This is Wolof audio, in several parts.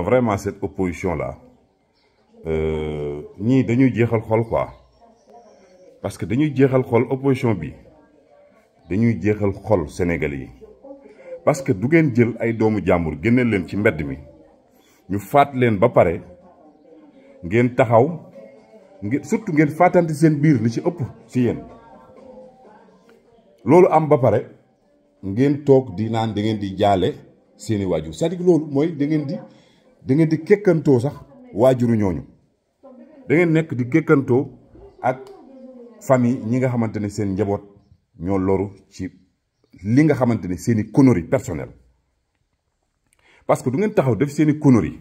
vraiment cette opposition là euh, ñii dañuy jeexal xol quoi parce que dañuy jeexal xol opposition bi dañuy jeexal xol Sénégalais yi parce que du ngeen jël ay doomu jàmbur génne leen ci mbedd mi ñu faat leen ba pare ngeen taxaw ngeen surtout ngeen faatante seen biir li ci ëpp ci yéen loolu am ba pare ngeen toog di naan da ngeen di jaale seeni waajur cest à loolu mooy da ngeen di. da di kekkantoo sax waajuru ñooñu da ngeen nekk di kekkantoo ak famille ñi nga xamante ne seen njaboot ñoo loru ci li nga xamante ne seen i conneries personnelles parce que du ngeen taxaw def seen i conneries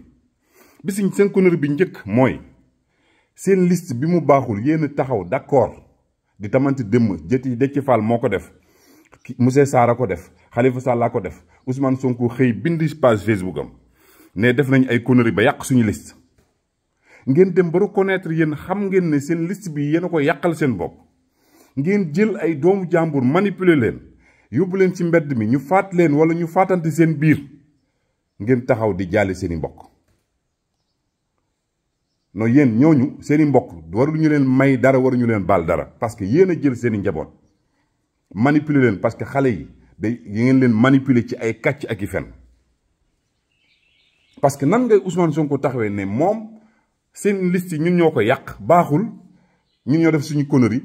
bi si seen connerie bi njëkk mooy seen liste bi mu baaxul yéen taxaw d'accord di tamante dëmm jëti Déthié Fall moo ko def monsieur saara ko def Khalifa Sall a ko def Ousmane Sonko xëy bind page Facebook am. ne def nañu ay conneries ba yàq suñu liste ngeen dem ba reconnaître yéen xam ngeen ne seen liste bi yéen a ko yàqal seen bopp ngeen jël ay doomu jàmbur manipuler leen yóbbu leen ci mbedd mi ñu faat leen wala ñu faatante seen biir ngeen taxaw di jaale seeni mbokk non yéen ñooñu seeni mbokk ñu leen may dara waruñu leen baal dara parce que yéen a jël seeni njaboot manipuler leen parce que xale yi day ngeen leen manipuler ci ay kàcc ak i fen parce que nan nga Ousmane Sonko taxawee ne moom seen list yi ñun ñoo ko yàq baaxul ñun ñoo def suñu connerie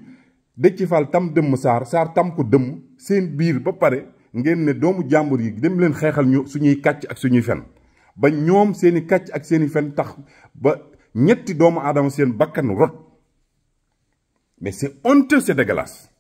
Déthié Fall tam dëmm Sarr Sarr tam ko dëmm seen biir ba pare ngeen ne doomu jàmbur yi dem leen xeexal ñu suñuy kàcc ak suñuy fen ba ñoom seen i kàcc ak seen i fen tax ba ñetti doomu aadama seen bakkan rot mais c'est honteux c'est dégueulasse